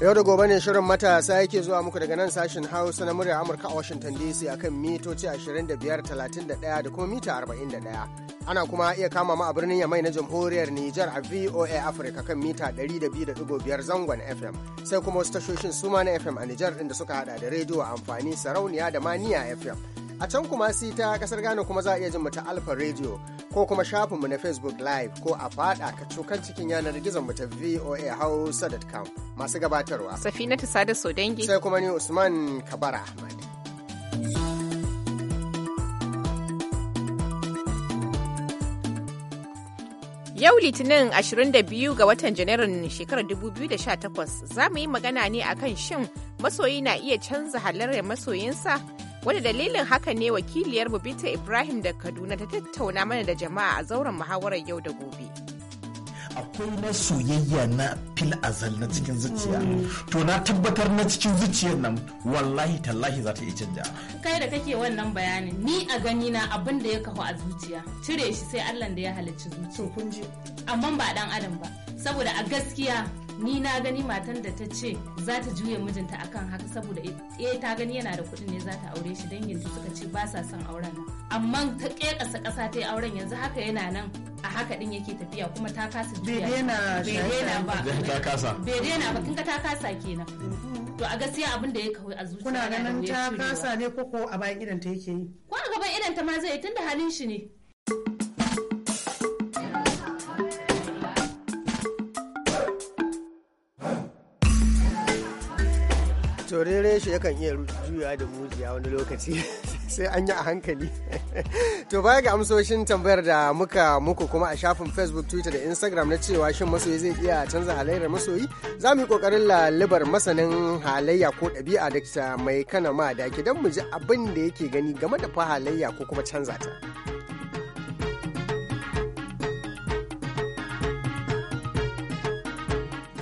Yau da gobe ne shirin matasa yake zuwa muku daga nan sashen Hausa na murya Amurka a Washington DC akan mitoci 25, 31 da kuma mita 41. Ana kuma iya kama ma a birnin Yamai na Jamhuriyar Nijar a VOA afirka kan mita 200.5 zangon FM. Sai kuma wasu tashoshin suma na FM a Nijar da suka hada da rediyo amfani sarauniya da maniya FM. A can kuma si ta kasar Ghana kuma za a iya jin mu ta Alfa Radio ko kuma shafin mu na Facebook Live ko a fada ka cokan cikin yanar gizon mu ta VOA Hausa.com masu gabatarwa. ta Sada Sodangi. Sai kuma ni Usman Kabara Ahmad. Yau Litinin 22 ga watan Janairun shekarar 2018 za mu yi magana ne akan shin masoyi na iya canza halayyar masoyinsa? wani dalilin haka ne wakiliyar bita Ibrahim da Kaduna ta tattauna mana da jama'a a zauren muhawarar yau da gobe. Akwai na soyayya na fil azal na cikin zuciya. To na tabbatar na cikin zuciyar nan wallahi tallahi za ta iya canja. Kai da kake wannan bayanin ni a gani na abin da ya kafa a zuciya cire shi sai Allah da ya halarci zuciya. Amma ba dan adam ba saboda a gaskiya ni na gani matan da ta ce za ta juya mijinta akan haka saboda eh ta gani yana da kuɗin ne za ta aure shi danginta suka ce ba sa son auren amma ta kekasa ƙasa ta yi auren yanzu haka yana nan a haka din yake tafiya kuma ta kasa juya bai daina ba ta kasa bai daina ba ta kasa kenan mm-hmm. to a gaskiya abin da ya kawai a zuciya kuna ganin ta kasa ne koko a bayan idanta yake yi ko a gaban idanta ma zai tunda halin shi ne to rere shi yakan iya juya da mujiya wani lokaci sai an yi a hankali to baya ga amsoshin tambayar da muka muku kuma a shafin facebook twitter da instagram na cewa shin masoyi zai iya canza halayyar masoyi za mu yi kokarin lalibar masanin halayya ko ɗabi'a da mai kana ma da don mu ji abin da yake gani game da fa halayya ko kuma canza ta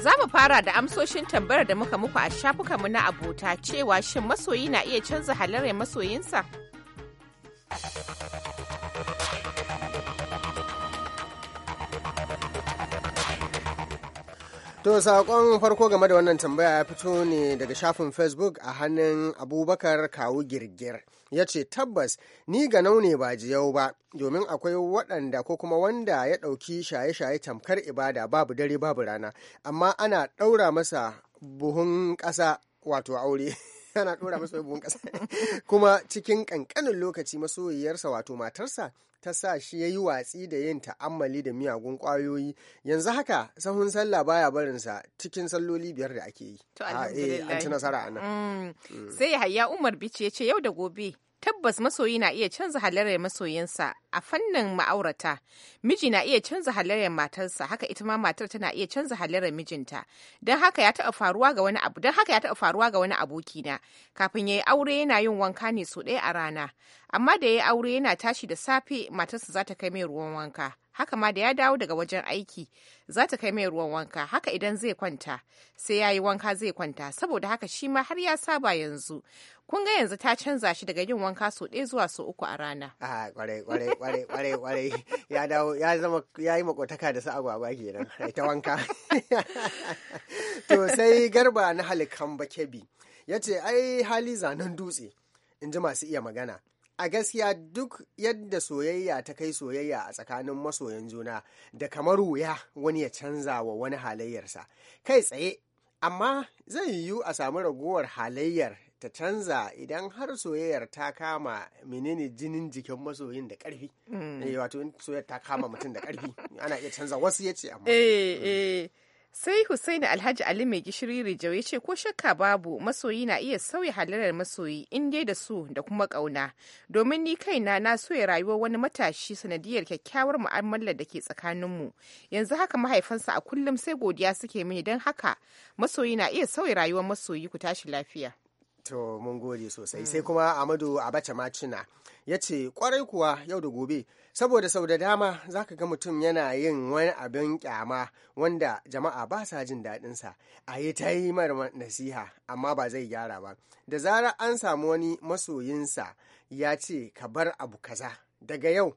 Za mu fara da amsoshin tambayar da muka muku a shafukanmu na abota cewa shin masoyi na iya canza halayyar masoyinsa? To saƙon farko game da wannan tambaya ya fito ne daga shafin Facebook a hannun Abubakar Kawu Girgir. Ya ce tabbas ni ga ne ba jiyau ba domin akwai waɗanda ko kuma wanda ya ɗauki shaye-shaye tamkar ibada babu dare babu rana amma ana ɗaura masa buhun ƙasa wato aure. tana ɗora masa buhun ƙasa kuma cikin ƙanƙanin lokaci masoyiyarsa wato matarsa ta sa shi ya yi watsi da yin ta'ammali da miyagun ƙwayoyi yanzu haka sahun sallah baya barinsa cikin salloli biyar da ake yi. To ah, eh, alhamdulillah. nasara mm. Mm. Sai Umar Bici ya ce yau da gobe tabbas masoyi na iya canza halayyar masoyinsa a fannin ma'aurata miji na iya canza halayyar matarsa haka ita ma matar tana iya canza halayyar mijinta don haka ya taɓa faruwa ga wani abu don haka ya taɓa faruwa ga wani aboki na kafin ya yi aure yana yin wanka ne so ɗaya a rana amma da ya yi aure yana tashi da safe matarsa za ta kai mai ruwan wanka haka ma da ya dawo daga wajen aiki za ta kai mai ruwan wanka haka idan zai kwanta sai ya yi wanka zai kwanta saboda haka shi ma har ya saba yanzu kun ga yanzu ta canza shi daga yin wanka sau ɗaya zuwa sau uku a rana a ah, kwarai kwarai kwarai ya dawo ya zama ya yi makotaka da sa'agwagwa kenan ita wanka to sai garba na halikan bakebi ya ce ai hali zanen dutse in ji masu iya magana a gaskiya duk yadda soyayya ta kai soyayya a tsakanin masoyan juna da kamar wuya wani ya canza wa wani halayyarsa kai tsaye amma zai yiwu a samu ragowar halayyar ta canza idan har soyayyar ta kama menene jinin jikin masoyin da karfi mm. eh, wato soyayyar ta kama mutum da karfi ana iya canza wasu ya ce amma eh, eh. sai Hussaini alhaji ali mai gishiri rijau ya ce ko shakka babu masoyi na iya sauya halarar masoyi in dai da su da kuma ƙauna domin ni kaina na soya rayuwar wani matashi sanadiyar kyakkyawar mu'amalar da ke tsakaninmu yanzu haka mahaifansa a kullum sai godiya suke mini don haka masoyi na iya sauya rayuwar masoyi ku tashi lafiya To mun gode sosai sai mm. kuma Amadu Abacha Macina ya ce kwarai kuwa yau da gobe saboda sau da dama za ka ga mutum yana yin wani abin kyama wanda jama'a ba sa jin daɗinsa a yi ta yi mara nasiha amma ba zai gyara ba da zarar an samu wani masoyinsa ya ce ka bar abu kaza daga yau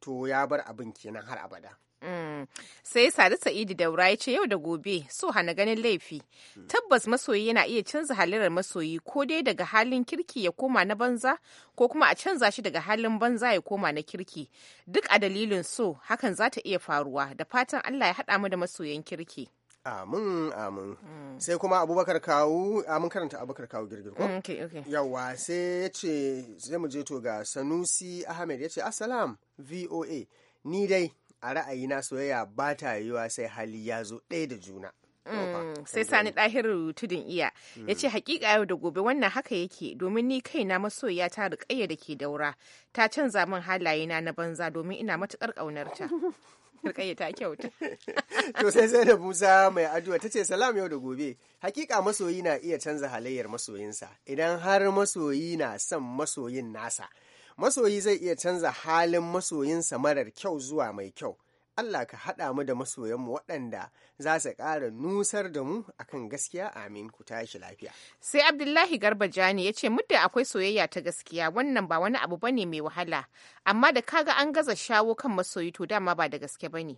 to ya bar abin kenan har abada Mm. Sai Sadi Sa'idu Daura ya ce yau da gobe so hana ganin laifi. Tabbas masoyi yana iya canza halirar masoyi ko dai daga halin kirki ya koma na banza ko kuma a canza shi daga halin banza ya koma na kirki. Duk a dalilin so hakan za ta iya faruwa da fatan Allah ya haɗa mu da masoyan kirki. amin amin mm. sai kuma abubakar kawu amin karanta abubakar kawu girgir ko mm, yawa sai ya ce zai mu je to ga sanusi ahmed ya ce assalam voa ni dai a ra'ayi na soyayya ba ta yiwuwa sai hali ya zo ɗaya da juna mm, sai sani ɗahirar tudun iya mm. ya ce haƙiƙa yau da gobe wannan haka yake domin ni kai na masoya ta riƙayya da ke daura ta canza min halayena na banza domin ina matuƙar ƙaunarta riƙayya ta kyauta to sai sai da musa mai addu'a ta ce salam yau da gobe hakika masoyi na iya canza halayyar masoyinsa idan har masoyi na son masoyin nasa masoyi zai iya canza halin masoyinsa marar kyau zuwa mai kyau Allah ka haɗa mu da masoyanmu waɗanda za su ƙara nusar da mu akan gaskiya amin ku tashi lafiya. Sai Abdullahi Garba Jani ya ce muddin akwai soyayya ta gaskiya wannan ba wani abu bane mai wahala amma da kaga an gaza shawo kan masoyi to dama ba da gaske bane.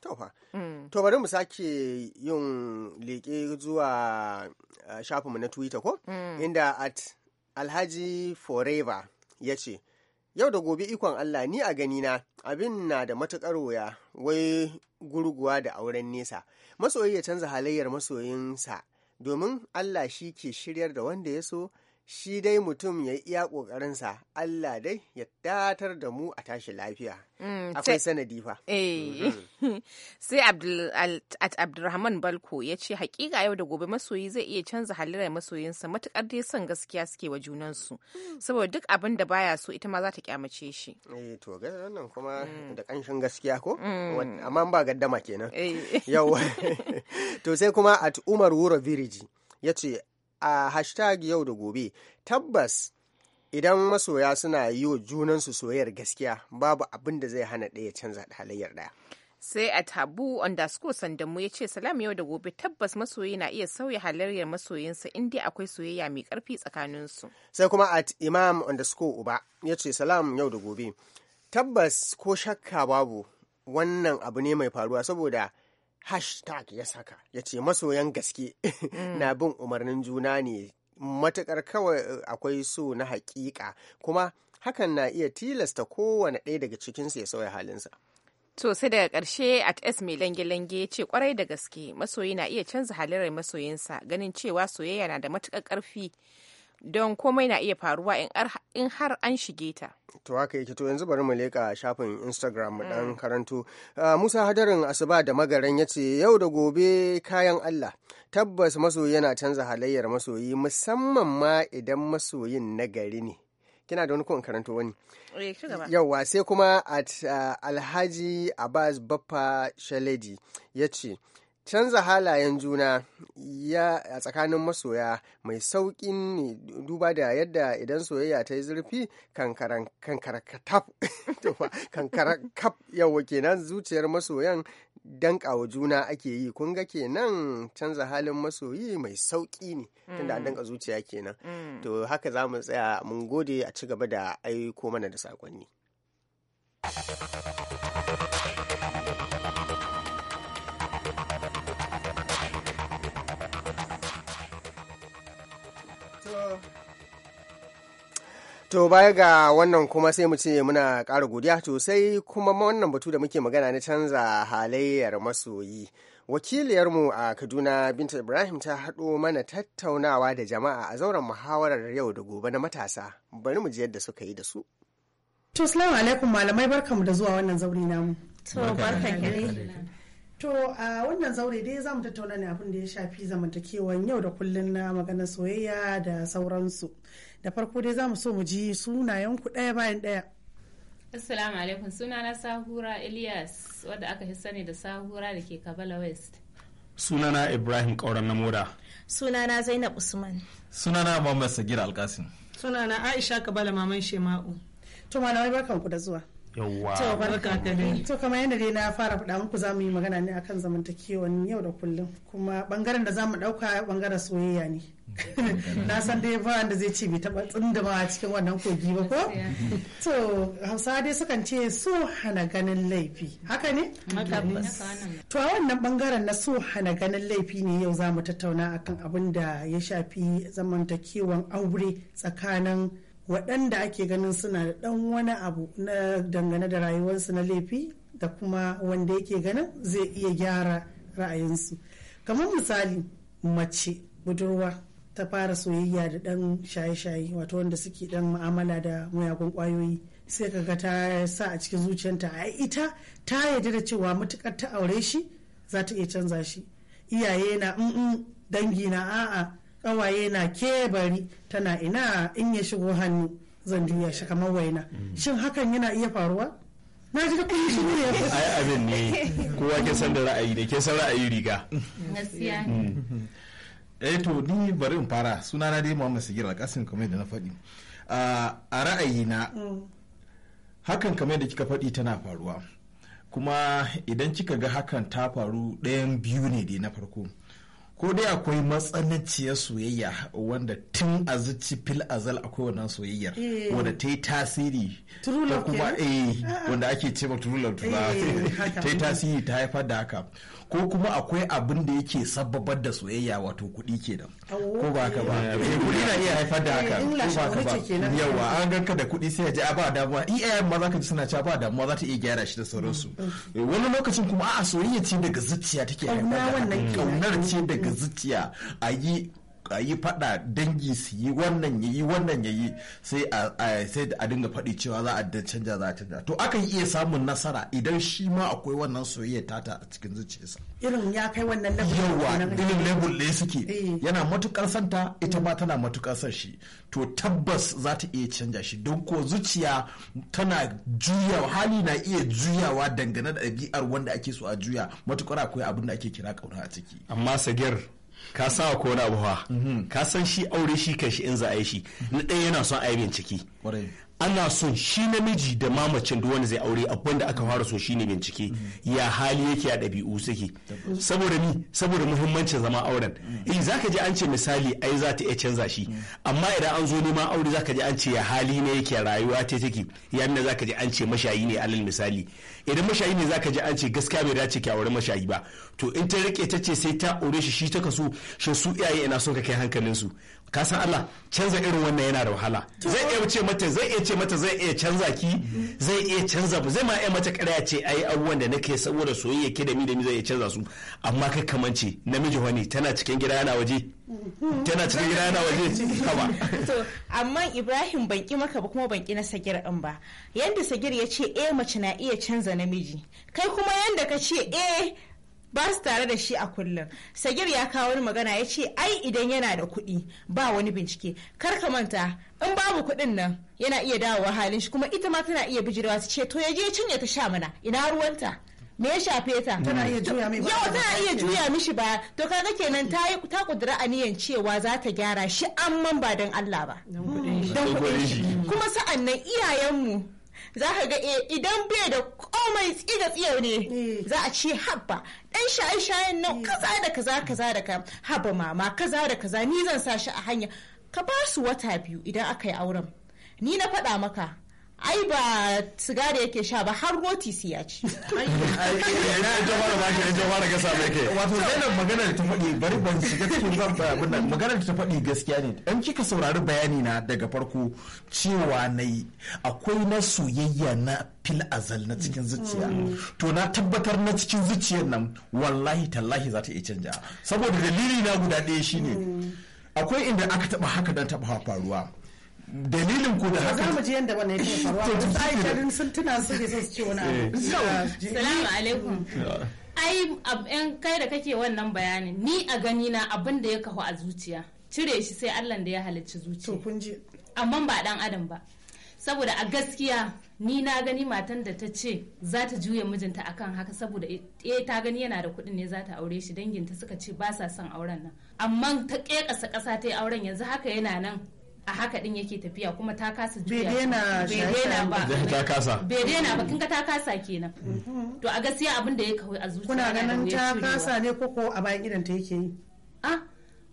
To mm. To bari mu sake yin leƙe zuwa uh, shafinmu na Twitter ko? Mm. Inda at Alhaji Forever ya ce yau da gobe ikon allah ni a ganina abin na da matuƙar wuya wai gurguwa da auren nesa masoyi ya canza halayyar masoyinsa domin allah shi ke shiryar da wanda ya so shi dai mutum ya yi iya ƙoƙarinsa Allah dai ya datar da mu a tashi lafiya. Mm, Akwai sanadi fa. Eh. Sai at Abdulrahman Balko ya ce hakika yau da gobe masoyi zai iya canza halayyar masoyinsa matukar dai son gaskiya suke wa junansu. Hmm. Saboda duk abin da baya so ita ma za ta kyamace shi. Eh to wannan kuma hmm. da kanshin gaskiya ko? Hmm. Amma ba gaddama kenan. Eh. Yau. To sai kuma at Umar Wuro Viriji ya ce a hashtag yau da gobe tabbas idan masoya suna yi wa junansu soyayyar gaskiya babu abin da zai hana ɗaya canza halayyar ɗaya sai a tabu underscore sandanmu ya ce salam yau da gobe tabbas masoyi na iya sauya halayyar masoyinsa in dai akwai soyayya mai karfi tsakaninsu sai kuma at imam underscore uba ya ce salam yau da gobe tabbas ko shakka babu wannan abu ne mai faruwa saboda hashtag ya saka ya ce masoyan gaske mm. na bin umarnin juna ne matukar kawai eh, akwai so na hakika kuma hakan na iya tilasta kowane ɗaya daga cikinsu ya sauya halinsa To sai daga ƙarshe at S mai lange-lange ya ce kwarai da gaske masoyi na iya canza halayyar masoyinsa ganin cewa soyayya na da matuƙar ƙarfi don komai na iya faruwa in har an shige ta. To haka yake to yanzu bari mu leƙa shafin Instagram mu dan mm. karanto. Musa Hadarin Asuba da Magaran ya ce yau da gobe kayan Allah. Tabbas masoyi yana canza halayyar masoyi musamman ma idan masoyin nagari gari ne. kina da wani ko karanto wani eh, yauwa sai kuma at alhaji abbas baffa Shaledi ya ce canza halayen juna ya a tsakanin masoya mai sauƙi ne duba da yadda idan soyayya ta yi zurfi kankarakaf yawa kenan zuciyar masoyan kawo juna ake yi kun ga kenan canza halin masoyi mai sauƙi ne tunda an danka zuciya kenan mm. to haka za mu tsaya mun gode a ci gaba da aiko mana da saƙonni. To baya ga wannan kuma sai mu ce muna kara godiya to sai kuma wannan batu da muke magana na canza halayyar masoyi. Wakiliyarmu a Kaduna Binta Ibrahim ta haɗo mana tattaunawa da jama'a a zauren muhawarar yau da gobe na matasa. Bari mu ji yadda suka yi da su. To, salamu alaikum malamai barkamu da zuwa wannan zauri namu. To a wannan zaure dai za mu tattauna ne abin da ya shafi zamantakewan yau da kullun na maganar soyayya da sauransu. Da farko dai za mu so mu ji sunayen ku ɗaya bayan ɗaya. Assalamu alaikum sunana Sahura Ilyas wadda aka fi sani da Sahura da ke Kabala West. Sunana Ibrahim Kauran Namoda. Sunana Zainab Usman. Sunana Muhammad Sagir Alkasim. Sunana Aisha Kabala Maman Shema'u. To malamai barkanku da zuwa. yawwa to barka to kamar yadda dai na fara faɗa muku za mu yi magana ne akan zamantakewan yau da kullum kuma bangaren da za mu ɗauka bangaren soyayya ne na san dai ba wanda zai ce bai taɓa tsindama a cikin wannan kogi ba ko to hausa dai sukan ce so hana ganin laifi haka ne to a wannan bangaren na so hana ganin laifi ne yau za mu tattauna akan abin da ya shafi zamantakewan aure tsakanin waɗanda ake ganin suna da ɗan wani abu na dangane da rayuwarsu na laifi da kuma wanda yake ganin zai iya gyara ra'ayinsu kamar misali mace budurwa ta fara soyayya da ɗan shaye-shaye wato wanda suke ɗan ma'amala da mayagun ƙwayoyi sai kaga ta sa a cikin zuciyarta a ita ta yarda da cewa matukar ta aure shi za ta iya canza shi iyaye na dangi na a'a kawaye na ke bari tana ina in ya shigo hannu zan juya shi kamar waina shin hakan yana iya faruwa na ji kun shi ne ai abin ne kowa ke san da ra'ayi da ke san ra'ayi riga gaskiya mm. eh to ni bari in fara suna na dai Muhammad Sigir Alkasim kamar da na faɗi a ra'ayi na mm. hakan kamar da kika faɗi tana faruwa kuma idan kika ga hakan ta faru ɗayan biyu ne dai na farko ko dai akwai matsananciyar soyayya wanda tun a zuci fil azal akwai wannan soyayyar eh. wanda ta yi tasiri ta kuma eh ah. wanda ake ce ma turulan eh, ta yi tasiri ta haifar da haka ko kuma akwai abin da yake sabbabar da soyayya wato kuɗi kenan ko ba ka ba eh, kuɗi na iya haifar da haka eh, ko ba ka ba yawa an ganka da kuɗi sai ya ji a ba damuwa ayan ma zaka ji suna cewa ba damuwa za ta iya gyara shi da sauransu mm, mm. Eh, wani lokacin kuma a soyayya ce daga zuciya take haifar da kaunar ce daga zuciya a yi a yi fada dangi su yi wannan ya yi wannan ya yi sai a dinga faɗi cewa za a canja za a canja to akan iya samun nasara idan shi ma akwai wannan soyayya tata a cikin zuciyarsa irin ya kai wannan level yawa irin level ɗaya suke eh. yana matukar santa ita ma tana matukar san shi to tabbas za ta iya canja shi don ko zuciya tana juyawa hali na iya juyawa dangane da ɗabi'ar wanda ake so a juya matukar akwai abin da ake kira kauna a ciki amma sagir ka sa ko na abu ka san shi aure shi kai shi in za a yi shi na ɗaya yana son a yi bincike ana son shi namiji da mamacin duk wanda zai aure abin da aka fara so shine bincike ya hali yake a ɗabi'u suke saboda ni saboda muhimmancin zama auren in eh, ka ji an ce misali ai za ta iya canza shi amma idan an zo neman aure za ka ji an ce ya hali ne yake rayuwa ta take ya nuna ka ji an ce mashayi ne alal misali idan mashayi ne za ka ji an ce gaskiya bai dace ki aure mashayi ba to in ta rike ta ce sai ta aure shi shi ta kaso shi su iyaye ina son ka kai hankalin su ka san Allah canza irin wannan yana da wahala zai iya ce mata zai iya ce mata zai iya canza ki mm-hmm. zai iya canza ba zai ma iya mata ƙarya ce ai abubuwan da nake saboda soyayya ke da mi da mi zai iya canza su amma kai ce namiji wani tana cikin gida yana waje mm-hmm. tana cikin gida yana waje kama to amma Ibrahim ban ki maka ba kuma ban ki na Sagir din ba yanda Sagir ya ce eh mace na iya canza namiji kai kuma yanda ka ce eh ba su tare da shi a kullum sagir ya kawo wani magana ya ce ai idan yana da kuɗi ba wani bincike kar ka manta in babu kuɗin nan yana iya dawowa halin shi kuma ita ma tana iya bijirwa su ce to ya je cinye ta sha mana ina ruwanta me ya shafe ta tana iya yawa tana iya juya mishi ba to ka kaga kenan ta ta a niyan cewa za ta gyara shi amman ba don Allah ba don kuɗin shi kuma sa'annan nan mu. za ka ga eh, idan bai da komai tsiga tsiyo ne eh. za a ce habba ɗan shaye-shayen nan eh. kaza da kaza kaza da ka haba mama kaza da kaza ni zan sa shi a hanya ka ba su wata biyu idan aka yi auren ni na faɗa maka ai ba sigari yake sha ba har roti siya ci. Wato zainab magana da ta faɗi bari ban shiga cikin zan abin magana da ta faɗi gaskiya ne dan kika saurari bayani na daga farko cewa na yi akwai na soyayya na fil azal na cikin zuciya to na tabbatar na cikin zuciyar nan wallahi tallahi za ta iya canja saboda dalili na guda ɗaya shine akwai inda aka taɓa haka dan taɓa faruwa dalilin ku da haka zamu ji wani ya ce faruwa sai sharin sun tuna su ke sun ce wani abu eh. salamu alaikum ai kai da kake wannan bayanin ni a gani na abin da ya kahu a zuciya cire shi sai Allah da ya halicci zuciya amma ba dan adam ba saboda a gaskiya ni na gani matan da ta ce za ta juya mijinta akan haka saboda e ta gani yana da kuɗin ne za ta aure shi danginta suka ce ba sa son auren nan amma ta kekasa ƙasa ta yi auren yanzu haka yana nan a haka din yake tafiya kuma ta kasa juya bai daina ba ta kasa bai ba kinga ta kasa kenan mm-hmm. to a gaskiya abin da ya kawai a zuciya kuna ganin ta kasa ne ko ko a bayan idan ta yake yi a ah,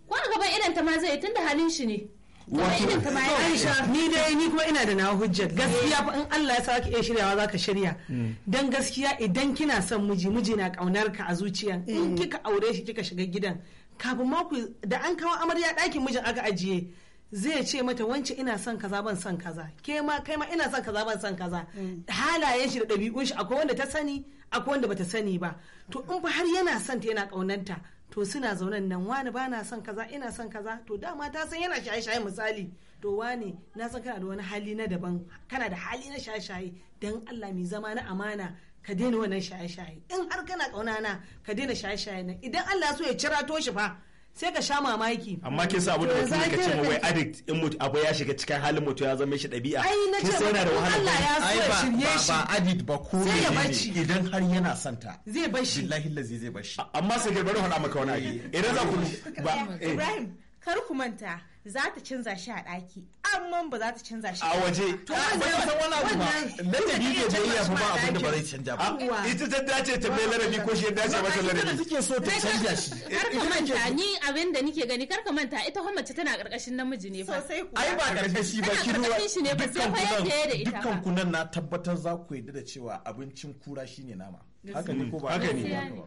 ko a gaban idan ta ma zai tunda halin shi ne Aisha ni dai ni kuma ina da na hujjar eh. gaskiya in Allah ya sa ka iya shiryawa za ka shirya mm. dan gaskiya idan kina son miji miji na kaunar ka a zuciya in eh. kika aure shi kika shiga gidan kafin mako da an kawo amarya ɗakin mijin aka ajiye zai ce mata wance ina son kaza ban son kaza ke ma kai ma ina son kaza ban son kaza mm. halayen shi da ɗabi'un shi akwai wanda ta sani akwai wanda bata sani ba to in fa har yana son ta yana kaunanta to suna zaunan nan wani ba na son kaza ina son kaza to dama ta san yana shaye-shaye misali to wani na san kana da wani hali na daban kana da hali na shaye-shaye dan Allah mai zama na amana ka daina wannan shaye-shaye in har kana kauna na ka daina shaye-shaye nan idan Allah so ya cira to shi fa sai ka sha mamaki amma kin sa abin da mutum ka ce wai addict in mutum abu ya shiga cikin halin mutum ya zama shi dabi'a ai na ce ba da wahala Allah ya so ya shirye shi ba addict ba ko ne idan har yana santa zai bar shi billahi lazi zai bar shi amma sai ga bari faɗa maka wani abu idan za ku eh. ba eh. Ibrahim kar ku manta za ta canza shi a ɗaki amma ba za ta canza shi a waje to ba ya san wani abu ba na da bi da yayi abu ba abin da ba zai canja ba ita ta dace ta bai larabi ko shi ya dace mata larabi ita take so ta canja shi kar ka manta ni abin da nike gani kar ka manta ita kuma mace tana karkashin namiji ne fa ai ba karkashi ba ki ruwa dukkan kunan dukkan kunan na tabbatar za ku yadda da cewa abincin kura shine nama haka ne ko ba haka ne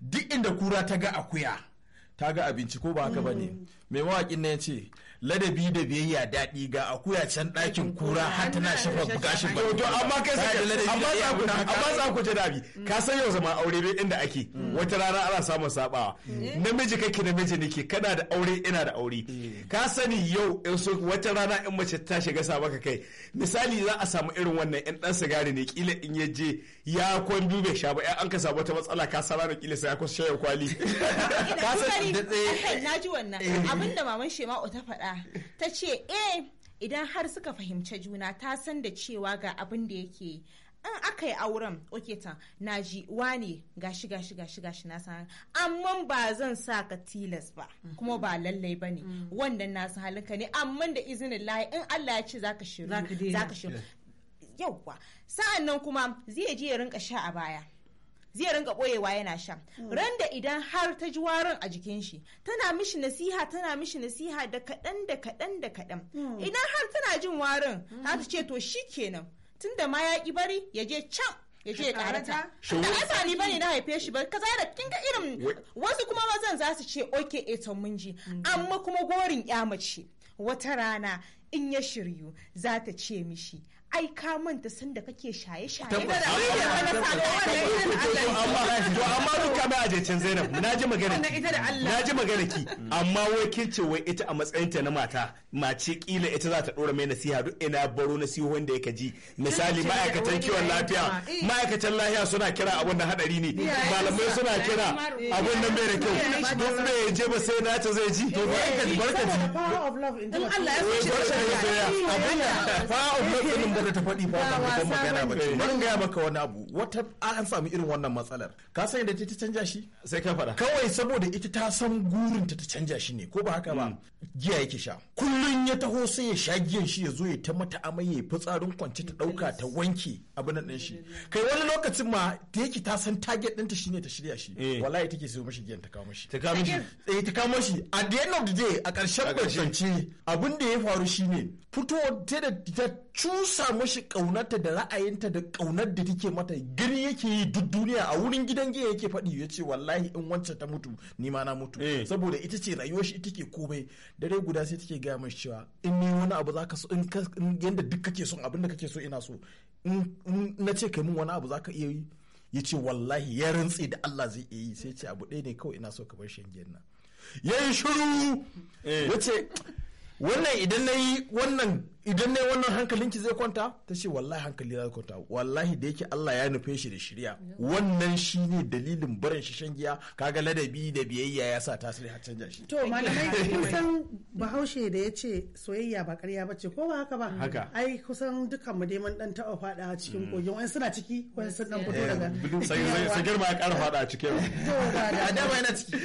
duk inda kura ta ga akuya ta ga abinci ko ba haka ba ne mai mm. mawaƙin na ya ce ladabi da biyayya daɗi ga akuya can ɗakin kura har tana shafa gashin ba. To amma kai sai amma za ku ji dabi mm. ka san yau zama aure bai inda ake mm. wata rana ana samun sabawa mm. namiji kake namiji nake kana da aure ina da aure ka sani yau in so wata rana in mace ta shiga sa baka kai misali za a samu irin wannan in dan sigari ne kila in ya je ya kwan dube sha ba an ka samu wata matsala ka sara da kila sai ya kusa kwali. Ka sani da tsaye. Na ji wannan eh. abinda maman Shema'u ta faɗa ta ce eh idan har suka fahimci juna ta san da cewa ga abin da yake in aka yi auren oke ta na ji wane gashi gashi gashi gashi na san amma ba zan sa ka tilas ba kuma ba lallai ba ne mm-hmm. wannan na san halinka ne amma da izinin layi, in Allah ya ce za ka shiru za ka shiru yauwa sa'an nan kuma zai je ya rinka sha a baya zai rinka boyewa yana sha hmm. Randa idan har ta ji warin a jikin shi tana mishi nasiha tana mishi nasiha da kaɗan da kaɗan da kaɗan hmm. idan har tana jin warin za ta ce to shi kenan tunda ma ya ƙi bari ya je can ya je karata da asa ni bane na haife shi ba kaza da kin ga irin wasu kuma mazan za su ce oke ton mun ji hmm. amma kuma gorin ya mace wata rana in ya shiryu za ta ce mishi ai ka manta san da kake shaye shaye amma duka mai ajecin Zainab na ji magana na ji magana ki amma wai ce wai ita a matsayinta na mata mace kila ita za ta dora mai nasiha duk ina baro nasihon da yake ji misali ma'aikatan kiwon lafiya eh. ma'aikatan lafiya suna kira abun da hadari ne malamai suna kira abun da mai da kyau duk ya je ba sai na ta zai ji to barka ji barka ji in Allah ya so shi da power of love da ta faɗi ba ba magana ba ce bari gaya maka wani abu wata an sami irin wannan matsalar ka san yadda ta canja shi sai ka faɗa kawai saboda ita ta san gurin ta ta canja shi ne ko ba haka ba mm. giya yake sha kullum ya taho sai ya sha giyan shi ya zo ya ta mata amai ya fitsarin kwance ta dauka ta wanke abin nan shi kai wani lokacin ma da yake ta san target ɗinta shine ta shirya shi eh. wallahi take sayo mishi giyan ta kawo mishi ta kawo mishi eh ta kawo mishi a the end of the day a ƙarshen kwance abin da ya faru shine fito ta da ta cusa nuna mashi ƙaunarta da ra'ayinta da ƙaunar da take mata gani yake yi duk duniya a wurin gidan giya yake faɗi ya ce wallahi in wancan ta mutu ni ma na mutu eh. saboda ita ce rayuwar shi take komai dare guda sai take gaya mashi cewa in ni wani abu zaka so in yanda duk kake son abinda kake so ina so in na ce kai mun wani abu zaka iya yi ya ce wallahi ya rantse da Allah zai iya yi sai ce abu ɗaya ne kawai ina so ka bar shi giyan nan ya yi shiru eh. ya ce wannan idan na yi wannan idan ne wannan hankalinki zai kwanta ta ce wallahi hankali zai kwanta wallahi da yake Allah ya nufe shi da shirya wannan ne dalilin barin shi shan giya kaga ladabi da biyayya ya sa tasiri har canja shi to malamai kusan bahaushe da ya ce soyayya ba ƙarya bace ko ba haka ba ai kusan dukan mu dai mun dan taɓa fada cikin mm. kogin wani suna ciki wani sun dan fito eh, daga sai girma ya ƙara fada a ciki to ba da adama yana ciki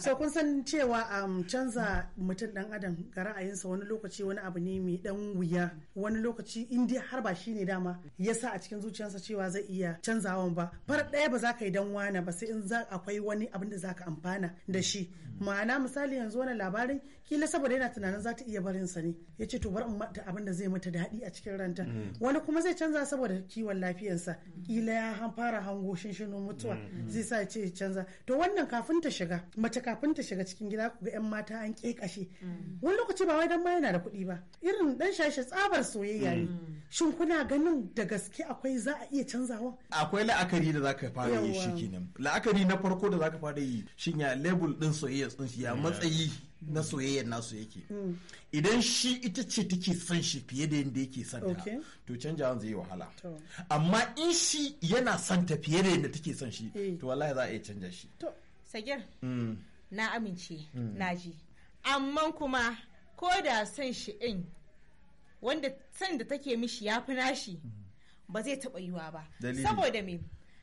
so kun san cewa um, canza mutum dan adam ga ra'ayinsa wani lokaci wani abu ne mai dan wuya wani lokaci in dai har ba shi ne dama ya sa a cikin zuciyarsa cewa zai iya canzawa ba far ɗaya ba za ka yi dan wana ba sai in akwai wani abin da za ka amfana da shi ma'ana misali yanzu wani labarin kila saboda yana tunanin za ta iya barin sa ne ya ce to bar in mata abin da zai mata daɗi a cikin ranta mm. wani kuma zai canza saboda kiwon lafiyarsa kila ya fara hango shinshino mutuwa mm. zai sa ya ce canza to wannan kafin ta shiga mace kafin ta shiga cikin gida ga yan mata an kashe mm. wani lokaci ba wai dan ma yana da kuɗi ba irin dan shashi tsabar soyayya ne shin kuna ganin da gaske akwai za a iya canzawa akwai la'akari da zaka fara yi shi kenan la'akari na farko da zaka fara yi shin ya label din soyayya din shi ya matsayi na hmm. soyayyar nasu yake hmm. idan shi ita ce take son shi fiye da yadda yake son ta to canjawan zai yi wahala amma in shi yana son ta fiye da yadda take son shi eh. to wallahi za a iya canja shi sagir hmm. na amince na ji amma kuma ko da son shi in wanda son da take mishi ya fi nashi ba zai taɓa yiwa ba saboda me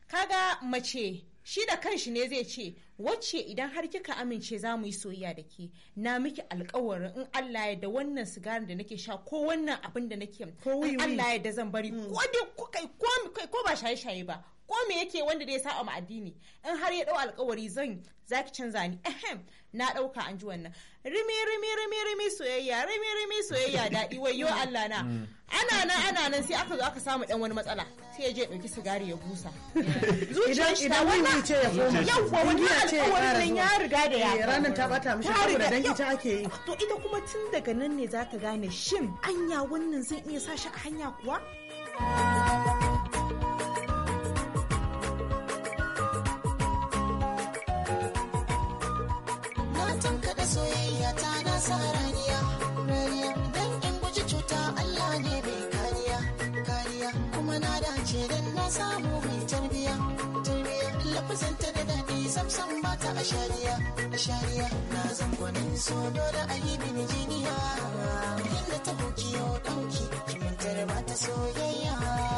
kaga mace shi da kanshi ne zai ce wacce idan har kika amince za mu yi soyayya da ke na miki alkawarin in Allah ya da wannan sigarin da nake sha ko wannan abin da nake in Allah ya da zan bari mm. ko ko ko ba shaye-shaye ba ko me yake wanda da ya sa ma addini in har ya dau alkawari zan zaki canza ni ehem na dauka an ji wannan rimi rimi rimi rimi soyayya rimi rimi soyayya dadi wai yo Allah na mm. ana nan ana nan sai aka zo aka samu dan wani matsala sai ya je dauki sigari ya busa zuciyar shi ta wannan ce ya koma yawa wannan ya riga da ya eh, ranan ta bata mishi saboda dan ita ake yi to ita kuma tun daga nan ne za gane shin anya wannan zan iya sa shi a hanya kuwa shariya da shariya na zan gwanin so dole a yi mini jiniya inda ta ɗauki yau ɗauki kimantar mata soyayya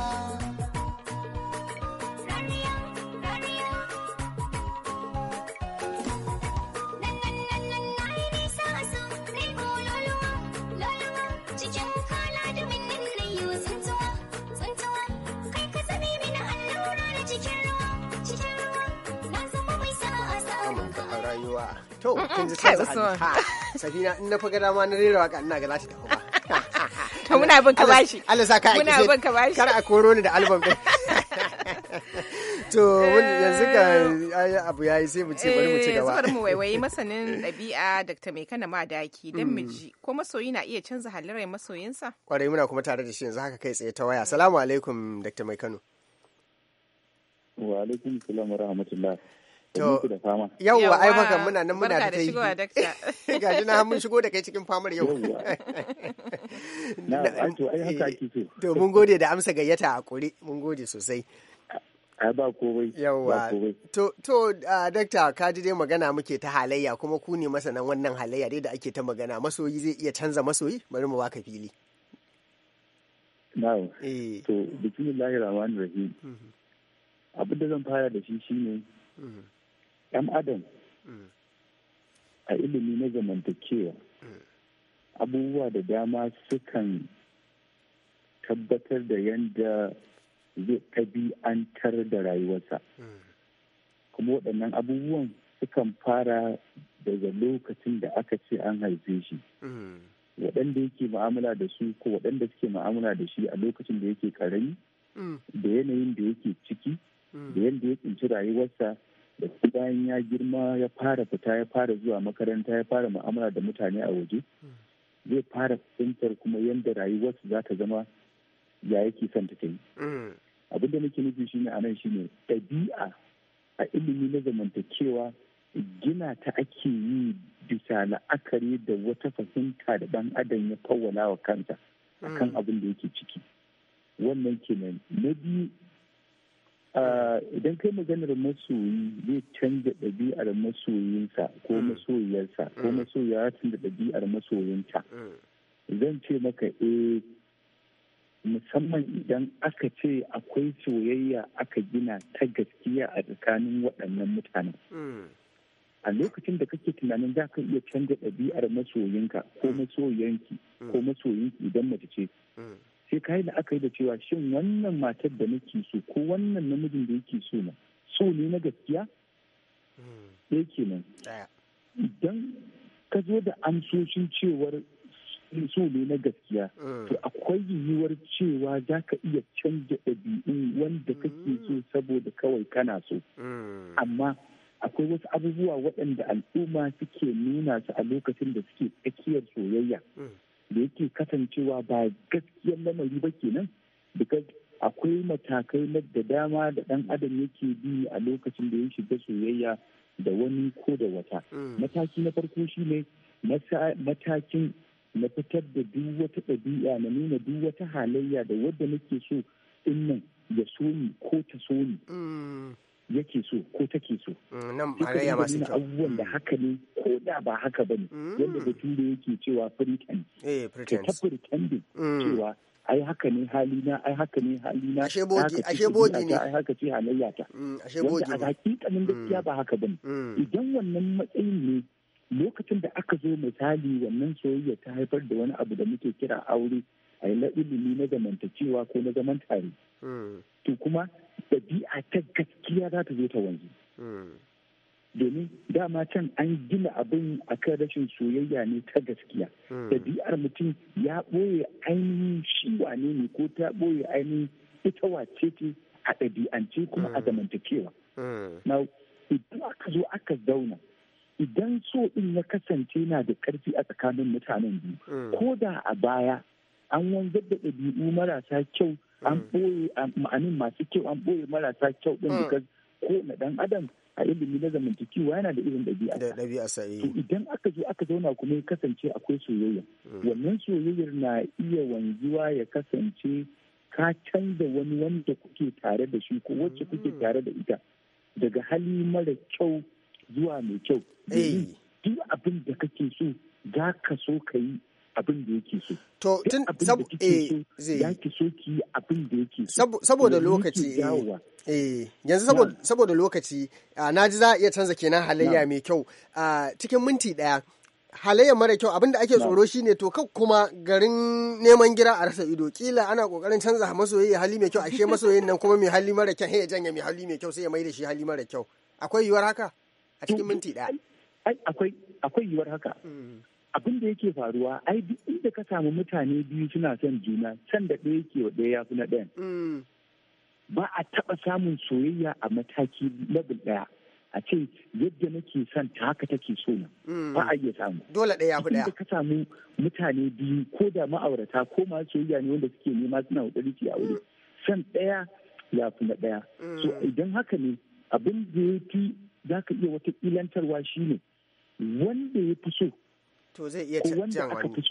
To, kin ji sai Usman. Safina in na faga dama na rera waka ina ga za ta tafi To muna bin ka bashi. Allah sa ka Muna bin ka bashi. Kar a koro ni da album din. To eh. yanzu ka ga abu yayi sai mu ce bari mu ci eh, gaba. Bari mu waiwayi masanin ɗabi'a Dr. Mai Kana Madaki dan miji mm. ko masoyi na iya canza halayyar masoyinsa? Kwarai muna kuma tare da shi yanzu haka kai tsaye ta waya. Assalamu alaikum Dr. Mai Kano. Wa alaikum salam wa rahmatullah. To, yauwa ai baka muna nan muna da ta yi. Ga shi na mun shigo da kai cikin famar yau. Eh, to, mun gode da amsa gayyata a kuri, mun gode sosai. ba komai yawa to to dakta ka ji dai magana muke ta halayya kuma ku ne masanan wannan halayya dai da ake ta magana masoyi zai iya canza masoyi bari mu baka fili na'am eh to bismillahir rahmanir rahim mm-hmm. abin da zan fara da shi shine mm-hmm. 'yan adam mm. a ilimi na zamantakewa mm. abubuwa da dama sukan tabbatar da yadda zai ɗabi'antar da rayuwarsa mm. kuma waɗannan abubuwan sukan fara daga lokacin da aka ce an haife shi waɗanda yake ma'amala da su ko waɗanda suke ma'amala da shi a lokacin da yake ƙarami da yanayin da yake ciki da yadda ya tsinci rayuwarsa da bayan ya girma ya fara fita ya fara zuwa makaranta ya fara mu'amala da mutane a waje zai fara fahimtar kuma yadda rayuwarsu za ta zama ya yake son ta yi mm. abinda nake nufi shine a nan shine ɗabi'a a ilimi na zamantakewa gina ta ake yi bisa la'akari da wata fahimta da ɗan adam ya fawwala wa kansa mm. akan abin da yake ciki wannan kenan na biyu Eh, idan kai maganar masoyi zai canza ɗabi'ar masoyinsa ko mm. masoyiyarsa ko mm. masoyiya ya canza ɗabi'ar masoyinta mm. zan ce maka eh musamman idan aka ce akwai soyayya aka gina ta gaskiya a tsakanin waɗannan mutanen a lokacin da kake tunanin za ka iya canza ɗabi'ar masoyinka ko masoyanki ko masoyinki idan mace ce sai ka yi la'akari da cewa shin wannan matar da nake so ko wannan namijin da yake so na so ne na gaskiya hmm. ya ke nan idan ka zo da amsoshin cewar so ne na gaskiya hmm. to akwai yiwuwar cewa za ka iya canja ɗabi'un wanda kake so hmm. saboda kawai kana so amma akwai wasu abubuwa waɗanda al'umma suke nuna su a lokacin da suke tsakiyar soyayya da yake kasancewa ba gaskiyar lamari ba kenan because akwai matakai na da dama da dan adam yake bi a lokacin da ya shiga soyayya da wani ko da wata mm. mataki na farko shine matakin na fitar da duk wata ɗabi'a na nuna duk wata halayya da wadda nake so in nan ya so ko ta so ni mm. yake so ko take so. Mm, nan arayya masu kyau. abubuwan da mm. haka ne ko da ba haka ba ne. Mm. Yadda bature yake cewa pretend. Eh pretend. Ka pretending cewa ai haka ne halina ai haka ne halina ashe bogi ashe bogi ne ai haka ce halayya ta ashe bogi ne wanda a hakikanin gaskiya ba haka ba ne idan wannan matsayin ne lokacin da aka zo misali wannan soyayya ta haifar da wani abu da muke kira aure a na ilimi na zamantakewa ko na zaman tare to kuma ɗabi'a ta gaskiya za ta zo ta wanzu hmm. domin dama can an gina abin a kan rashin soyayya ne ta gaskiya hmm. ɗabi'ar mutum ya ɓoye ainihin shi wane ne ko ta ɓoye ainihin ita wace ce a ɗabi'ance kuma a hmm. zamantakewa na idan aka zo aka zauna idan so ɗin ya kasance na da ƙarfi a tsakanin mutanen biyu ko da a baya an wanzar da ɗabi'u marasa kyau an mm. ɓoye ma'anin masu kyau an ɓoye marasa kyau ɗin mm. because ko na ɗan adam a ilimi na zamantakewa yana da irin ɗabi'a eh. to idan aka zo aka zauna kuma ya kasance akwai soyayya mm. wannan soyayyar na iya wanzuwa ya kasance ka canza wani wanda kuke tare da shi ko wacce kuke tare da ita daga hali mara kyau zuwa mai kyau eh. duk abin da kake so za ka so ka yi abin da yake so. To tun sab eh, zai ya so yake so. Eh, eh, saboda lokaci yanzu ah, saboda lokaci na ji za a iya canza kenan halayya mai kyau ah, cikin minti daya halayya mara kyau abinda ake tsoro shine to kan kuma garin neman gira a rasa ido kila ana kokarin canza masoyi hali mai kyau ashe masoyin nan kuma mai hali mara kyau ya janye mai hali mai kyau sai ya mai da shi hali mara kyau akwai yiwuwar haka a cikin minti daya akwai yiwuwar haka mm. abin da yake faruwa ai duk inda ka samu mutane biyu suna son juna can da ɗaya ke ɗaya ya na ɗayan mm. ba a taɓa samun soyayya a mataki level ɗaya a ce yadda nake son ta haka take so na mm. ba a iya samu dole ɗaya ku ɗaya ka samu mutane biyu ko da ma'aurata ko ma soyayya ne wanda suke nema suna kokari ki aure San ɗaya ya fi na ɗaya mm. so idan haka ne abin da ya fi za iya wata ilantarwa shine wanda ya fi so to zai iya canjan wani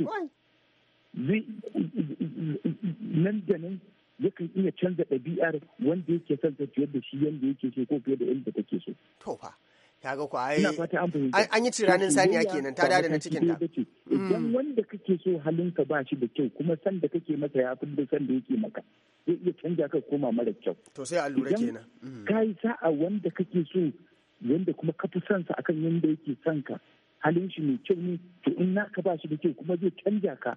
nan da nan yakan iya canza ɗabi'ar wanda yake son ta fiye da shi yadda yake so ko fiye da yadda take so to fa kaga ko ai an yi tiranin saniya kenan ta dada na cikin ta mm. idan wanda kake so halinka ba shi da kyau kuma san da kake masa ya fi da san da yake maka zai iya canja ka koma mara kyau to sai allura kenan mm. ka yi sa'a wanda kake so wanda kuma ka fi son sa akan yadda yake son ka halin shi mai kyau ne to in naka ba shi da kyau kuma zai canja ka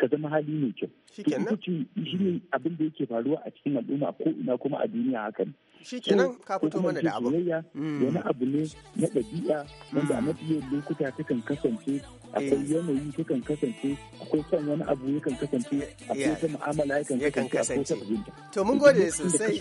ka zama hali mai kyau to shi ne abin da yake faruwa a cikin al'umma ko ina kuma a duniya haka ne shikenan ka fito mana da abu mm. wani abu ne na ɗabi'a wanda a mafi yawan lokuta kan kasance Eh, akwai yanayi yakan kasance akwai son wani abu yakan kasance akwai ta mu'amala yakan kasance akwai ta to mun gode sosai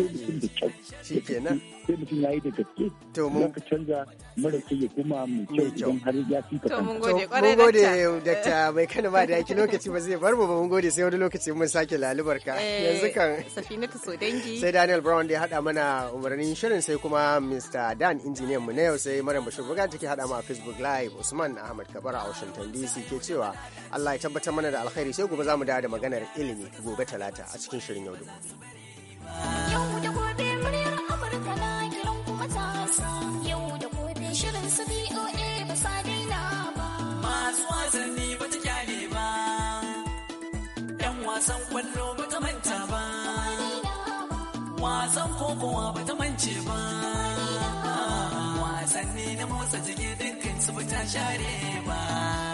shi kenan sai mutum ya yi da gaske to mun ka canza mara sai ya kuma mu kyau idan har ya fi ka to mun gode kwarai da gode dakta eh, mai kana ba da yaki lokaci ba zai bar mu ba mun gode sai wani lokaci mun sake lalubarka. ka eh, yanzu kan safinatu so dangi sai daniel brown da ya hada mana umarnin shirin sai kuma mr dan injiniyan mu na yau sai maryam bashir buga take hada mu a facebook live usman ahmad kabara a washington Washington DC ke cewa Allah ya tabbatar mana da alkhairi sai gobe za mu dawo da maganar ilimi gobe talata a cikin shirin yau da gobe. Yau da gobe yau da gobe shirin ba sa ba. Masu wasanni ba ta ba, wasan kwallo ba ta manta ba, wasan kokowa ba ta mance ba. Wasanni na motsa jiki dinkin su ba ta share ba.